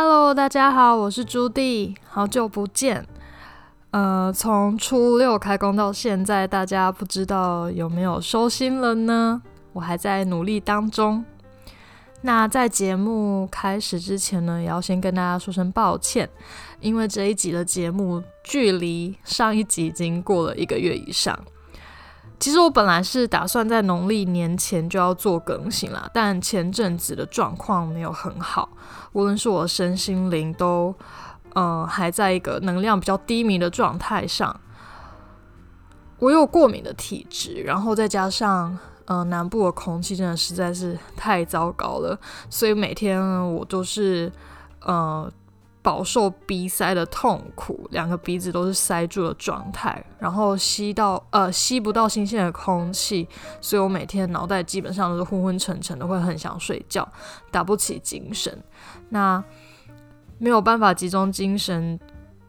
Hello，大家好，我是朱迪，好久不見。呃，從初六開工到現在，大家不知道有沒有收心了呢？我還在努力當中。那在節目開始之前呢，也要先跟大家說聲抱歉，因為這一集的節目距離上一集已經過了一個月以上。其實我本來是打算在農曆年前就要做更新啦，但前陣子的狀況沒有很好，無論是我的身心靈都，呃，還在一個能量比較低迷的狀態上。我有過敏的體質，然後再加上，呃，南部的空氣真的實在是太糟糕了，所以每天我都是，呃。飽受鼻塞的痛苦，兩個鼻子都是塞住的狀態，然後吸，到呃吸不到新鮮的空氣，所以我每天腦袋基本上都是昏昏沉沉的，會很想睡覺，打不起精神。那沒有辦法集中精神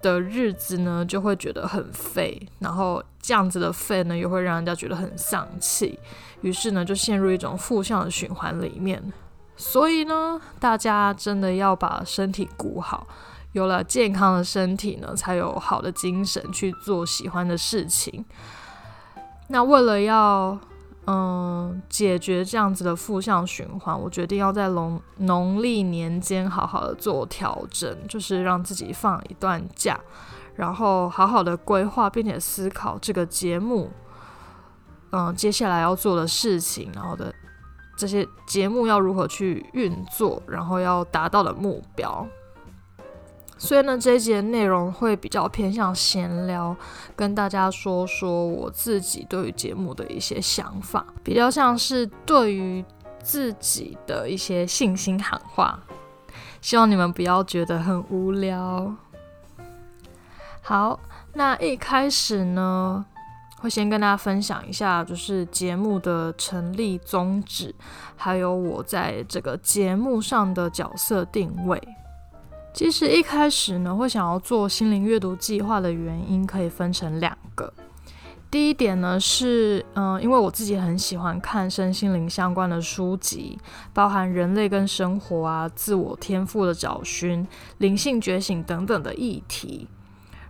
的日子呢，就會覺得很廢，然後這樣子的廢呢，又會讓人家覺得很喪氣，於是呢，就陷入一種負向的循環裡面。所以呢，大家真的要把身體顧好，有了健康的身體呢，才有好的精神去做喜歡的事情。那為了要，嗯，解決這樣子的負向循環，我決定要在農，農曆年間好好的做調整，就是讓自己放一段假，然後好好的規劃，並且思考這個節目，嗯，接下來要做的事情，然後的。這些節目要如何去運作，然後要達到的目標。所以呢，這一節內容會比較偏向閒聊，跟大家說說我自己對於節目的一些想法，比較像是對於自己的一些信心喊話。希望你們不要覺得很無聊。好，那一開始呢，會先跟大家分享一下，就是節目的成立宗旨，還有我在這個節目上的角色定位。其實一開始呢，會想要做心靈閱讀計劃的原因可以分成兩個。第一點呢是，嗯、呃，因為我自己很喜歡看身心靈相關的書籍，包含人類跟生活啊、自我天賦的找尋、靈性覺醒等等的議題。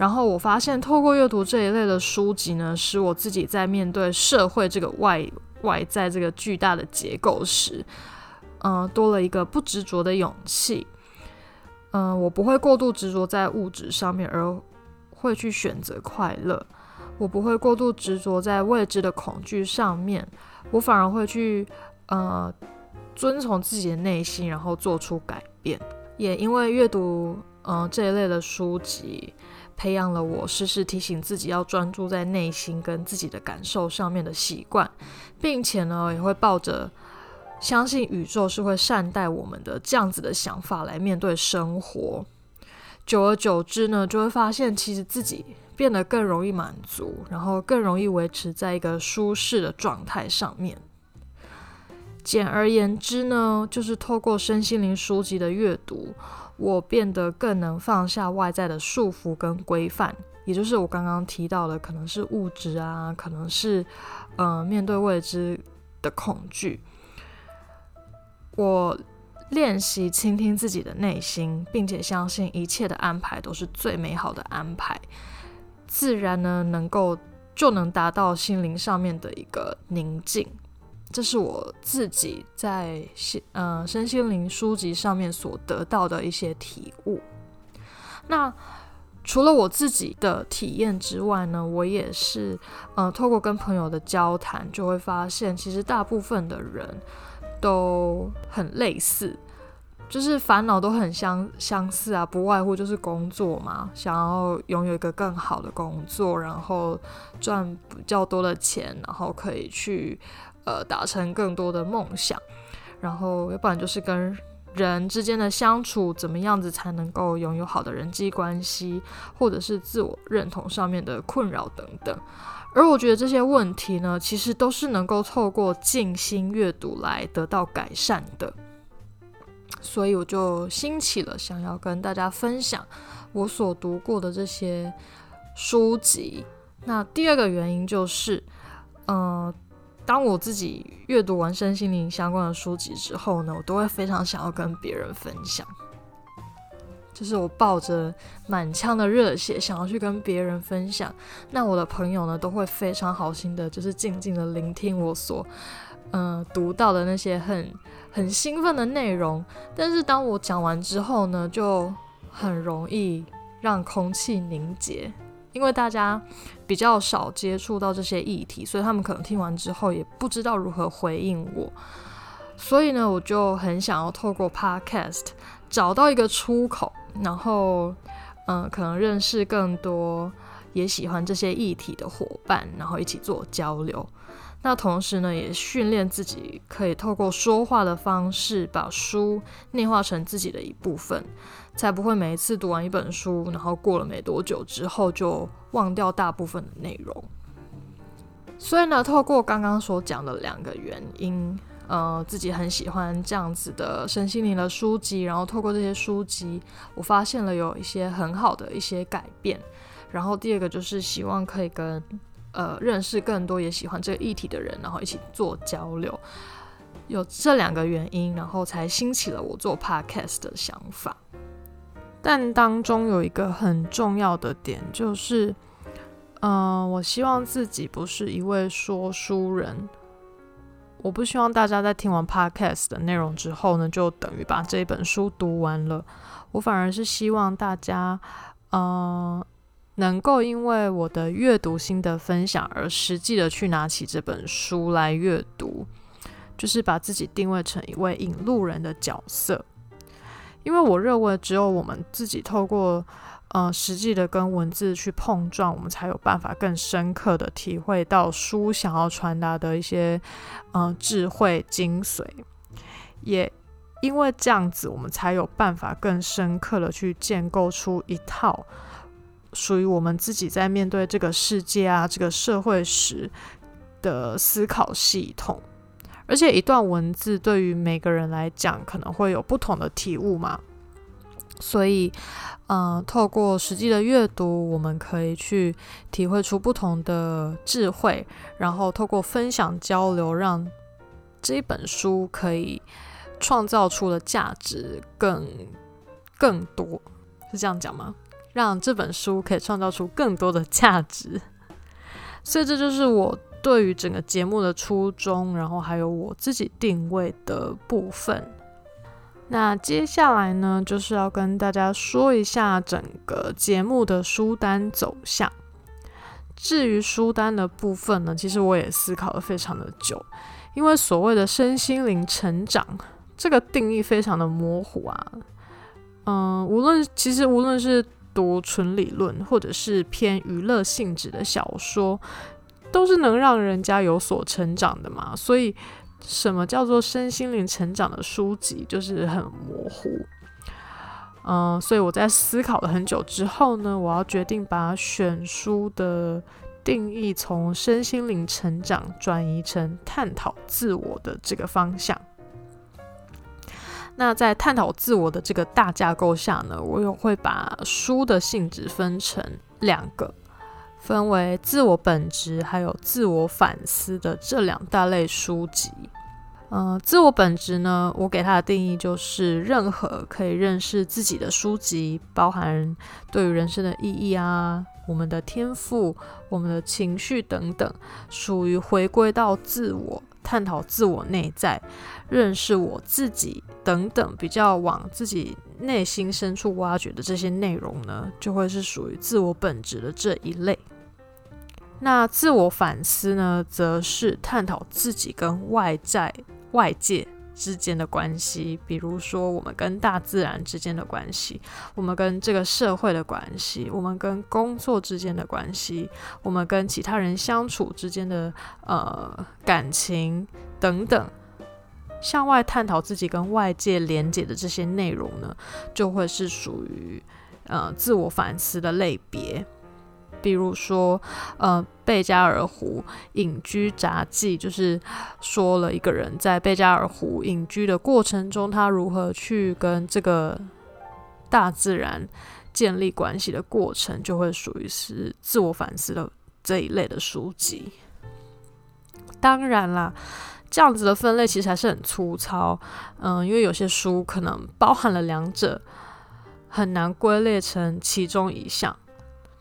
然後我發現，透過閱讀這一類的書籍呢，使我自己在面對社會這個外外在這個巨大的結構時，嗯、呃，多了一個不執着的勇氣。嗯、呃，我不會過度執着在物質上面，而會去選擇快樂。我不會過度執着在未知的恐懼上面，我反而會去呃遵從自己的內心，然後做出改變。也因為閱讀嗯、呃，這一類的書籍。培養了我時時提醒自己要專注在內心跟自己的感受上面的習慣，並且呢，也會抱着相信宇宙是會善待我們的這樣子的想法來面對生活。久而久之呢，就會發現其實自己變得更容易滿足，然後更容易維持在一個舒適的狀態上面。簡而言之呢，就是透過身心靈書籍的閱讀。我變得更能放下外在的束縛跟規範，也就是我剛剛提到的，可能是物質啊，可能是，嗯、呃，面對未知的恐懼。我練習傾聽自己的內心，並且相信一切的安排都是最美好的安排，自然呢，能夠就能達到心靈上面的一個寧靜。這是我自己在心嗯、呃，身心靈書籍上面所得到的一些體悟。那除了我自己的體驗之外呢，我也是嗯、呃，透過跟朋友的交談，就會發現，其實大部分的人都很類似，就是煩惱都很相相似啊，不外乎就是工作嘛，想要擁有一個更好的工作，然後賺比較多的錢，然後可以去。呃，達成更多的夢想，然後要不然就是跟人之間的相處，怎麼樣子才能夠擁有好的人際關係，或者是自我認同上面的困擾等等。而我覺得這些問題呢，其實都是能夠透過靜心閱讀來得到改善的。所以我就興起了想要跟大家分享我所讀過的這些書籍。那第二個原因就是，呃。當我自己閱讀完身心靈相關的書籍之後呢，我都會非常想要跟別人分享，就是我抱着滿腔的熱血想要去跟別人分享。那我的朋友呢，都會非常好心的，就是靜靜的聆聽我所嗯、呃、讀到的那些很很興奮的內容。但是當我講完之後呢，就很容易讓空氣凝結。因為大家比較少接觸到這些議題，所以他們可能聽完之後也不知道如何回應我。所以呢，我就很想要透過 Podcast 找到一個出口，然後嗯、呃，可能認識更多也喜歡這些議題的夥伴，然後一起做交流。那同時呢，也訓練自己可以透過說話的方式，把書內化成自己的一部分，才不會每一次讀完一本書，然後過了沒多久之後就忘掉大部分的內容。所以呢，透過剛剛所講的兩個原因，呃，自己很喜歡這樣子的身心靈的書籍，然後透過這些書籍，我發現了有一些很好的一些改變。然後第二個就是希望可以跟。呃，認識更多也喜歡這個議題的人，然後一起做交流，有這兩個原因，然後才興起了我做 podcast 的想法。但當中有一個很重要的點，就是，嗯、呃，我希望自己不是一位說書人，我不希望大家在聽完 podcast 的內容之後呢，就等於把這本書讀完了。我反而是希望大家，嗯、呃。能夠因為我的閱讀心得分享而實際的去拿起這本書來閱讀，就是把自己定位成一位引路人的角色。因為我認為，只有我們自己透過呃實際的跟文字去碰撞，我們才有辦法更深刻的體會到書想要傳達的一些嗯、呃、智慧精髓。也因為這樣子，我們才有辦法更深刻的去建構出一套。屬於我們自己在面對這個世界啊，這個社會時的思考系統，而且一段文字對於每個人來講可能會有不同的體悟嘛。所以，嗯、呃，透過實際的閱讀，我們可以去體會出不同的智慧，然後透過分享交流，讓這一本書可以創造出的價值更更多，是這樣講嗎？讓這本書可以創造出更多的價值，所以這就是我對於整個節目的初衷，然後還有我自己定位的部分。那接下來呢，就是要跟大家說一下整個節目的書單走向。至於書單的部分呢，其實我也思考了非常的久，因為所謂的身心靈成長這個定義非常的模糊啊。嗯，無論其實無論是讀純理論或者是偏娛樂性質的小說，都是能讓人家有所成長的嘛。所以，什麼叫做身心靈成長的書籍，就是很模糊。嗯、呃，所以我在思考了很久之後呢，我要決定把選書的定義從身心靈成長轉移成探討自我的這個方向。那在探討自我的這個大架構下呢，我又會把書的性質分成兩個，分為自我本質還有自我反思的這兩大類書籍。呃，自我本質呢，我給它的定義就是任何可以認識自己的書籍，包含對於人生的意義啊、我們的天賦、我們的情緒等等，屬於回歸到自我。探討自我內在、認識我自己等等，比較往自己內心深處挖掘的這些內容呢，就會是屬於自我本質的這一類。那自我反思呢，則是探討自己跟外在、外界。之間的關係，比如說我們跟大自然之間的關係，我們跟這個社會的關係，我們跟工作之間的關係，我們跟其他人相處之間的呃感情等等，向外探討自己跟外界連接的這些內容呢，就會是屬於呃自我反思的類別。比如說，呃，《貝加爾湖隱居札記》就是說了一個人在貝加爾湖隱居的過程中，他如何去跟這個大自然建立關係的過程，就會屬於是自我反思的這一類的書籍。當然啦，這樣子的分類其實還是很粗糙。嗯，因為有些書可能包含了兩者，很難歸類成其中一項。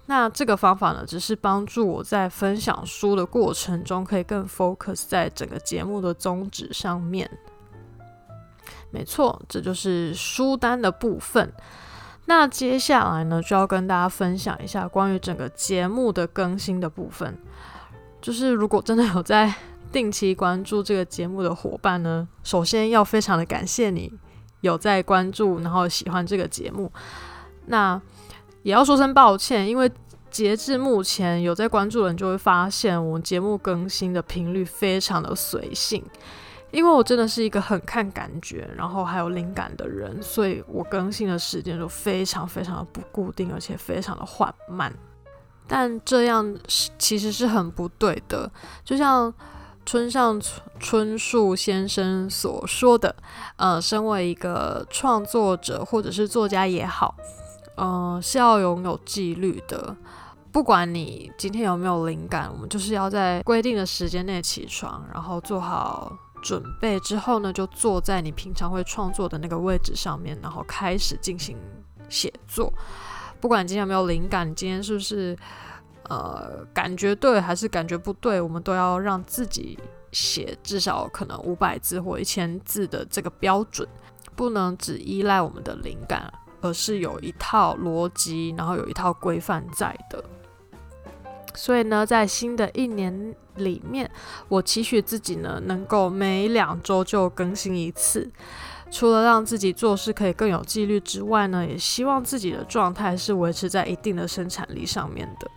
那這個方法呢，只是幫助我在分享書的過程中，可以更 focus 在整個節目的宗旨上面。沒錯，這就是書單的部分。那接下來呢，就要跟大家分享一下關於整個節目的更新的部分。就是如果真的有在定期關注這個節目的夥伴呢，首先要非常的感謝你有在關注，然後喜歡這個節目。那也要說聲抱歉，因為截至目前有在關注的人就會發現，我們節目更新的頻率非常的隨性，因為我真的是一個很看感覺，然後還有靈感的人，所以我更新的時間就非常非常的不固定，而且非常的緩慢。但這樣其實是很不對的，就像村上春樹先生所說的，呃，身為一個創作者或者是作家也好。嗯，是要擁有紀律的。不管你今天有沒有靈感，我們就是要在規定的時間內起床，然後做好準備之後呢，就坐在你平常會創作的那個位置上面，然後開始進行寫作。不管今天有沒有靈感，今天是不是，呃，感覺對還是感覺不對，我們都要讓自己寫至少可能五百字或一千字的這個標準，不能只依賴我們的靈感。而是有一套邏輯，然後有一套規範在的。所以呢，在新的一年裡面，我期許自己呢，能夠每兩週就更新一次。除了讓自己做事可以更有紀律之外呢，也希望自己的狀態是維持在一定的生產力上面的。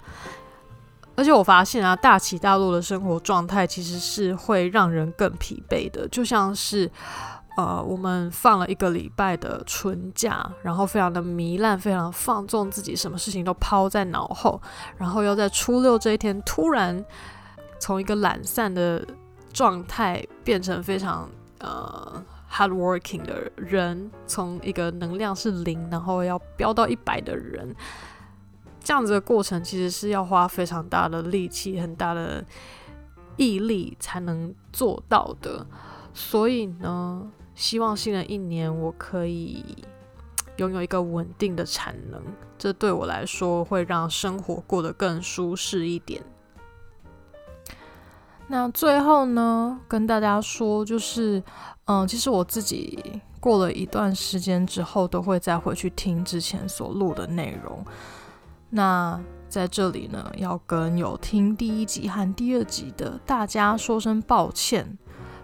而且我發現啊，大起大落的生活狀態其實是會讓人更疲憊的，就像是。呃，我們放了一個禮拜的春假，然後非常的糜爛，非常放縱自己，什麼事情都拋在腦後，然後要在初六這一天突然從一個懶散的狀態變成非常呃 hard working 的人，從一個能量是零，然後要飆到一百的人，這樣子的過程其實是要花非常大的力氣，很大的毅力才能做到的，所以呢。希望新的一年我可以擁有一個穩定的產能，這對我來說會讓生活過得更舒適一點。那最後呢，跟大家說，就是嗯、呃，其實我自己過了一段時間之後，都會再回去聽之前所錄的內容。那在這裡呢，要跟有聽第一集和第二集的大家說聲抱歉。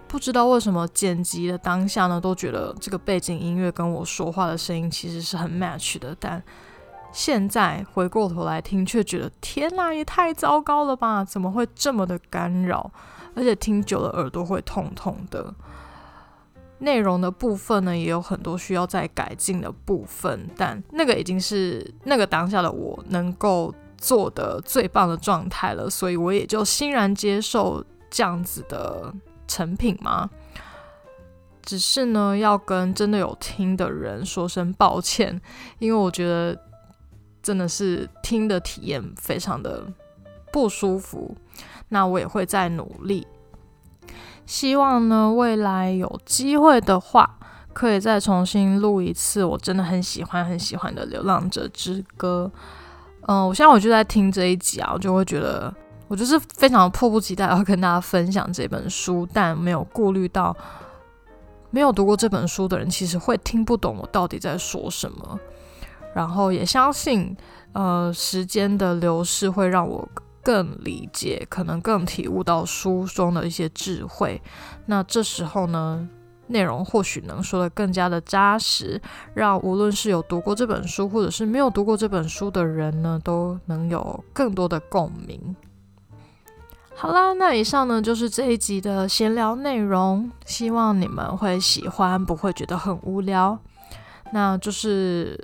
不知道為什麼剪輯的當下呢，都覺得這個背景音樂跟我說話的聲音其實是很 match 的，但現在回過頭來聽，卻覺得天哪，也太糟糕了吧！怎麼會這麼的干擾，而且聽久了耳朵會痛痛的。內容的部分呢，也有很多需要再改進的部分，但那個已經是那個當下的我能夠做的最棒的狀態了，所以我也就欣然接受這樣子的。成品嗎？只是呢，要跟真的有聽的人說聲抱歉，因為我覺得真的是聽的體驗非常的不舒服。那我也會再努力，希望呢未來有機會的話，可以再重新錄一次我真的很喜歡很喜歡的《流浪者之歌》呃。嗯，我現在我就在聽這一集啊，我就會覺得。我就是非常迫不及待要跟大家分享這本書，但沒有顧慮到沒有讀過這本書的人其實會聽不懂我到底在說什麼。然後也相信，呃，時間的流逝會讓我更理解，可能更體悟到書中的一些智慧。那這時候呢，內容或許能說得更加的扎實，讓無論是有讀過這本書或者是沒有讀過這本書的人呢，都能有更多的共鳴。好啦，那以上呢，就是這一集的閒聊內容，希望你們會喜歡，不會覺得很無聊。那就是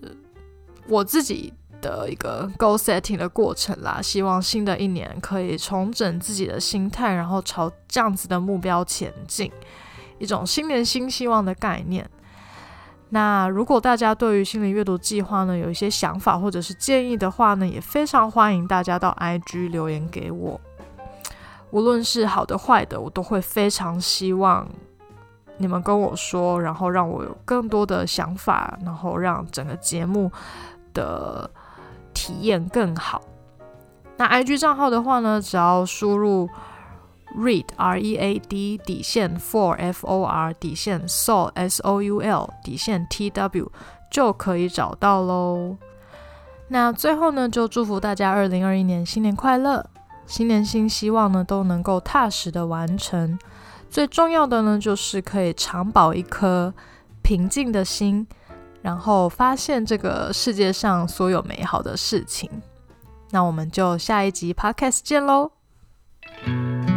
我自己的一個 goal setting 的過程啦。希望新的一年可以重整自己的心態，然後朝這樣子的目標前進，一種新年新希望的概念。那如果大家對於心理閱讀計劃呢，有一些想法或者是建議的話呢，也非常歡迎大家到 IG 留言給我。無論是好的壞的，我都會非常希望你們跟我說，然後讓我有更多的想法，然後讓整個節目的體驗更好。那 IG 賬號的話呢，只要輸入 read r e a d 底線 for f o r 底線 soul s o u l 底線 t w 就可以找到嘍。那最後呢，就祝福大家二零二一年新年快樂！新年新希望呢，都能夠踏實的完成。最重要的呢，就是可以常保一顆平靜的心，然後發現這個世界上所有美好的事情。那我們就下一集 Podcast 見嘍。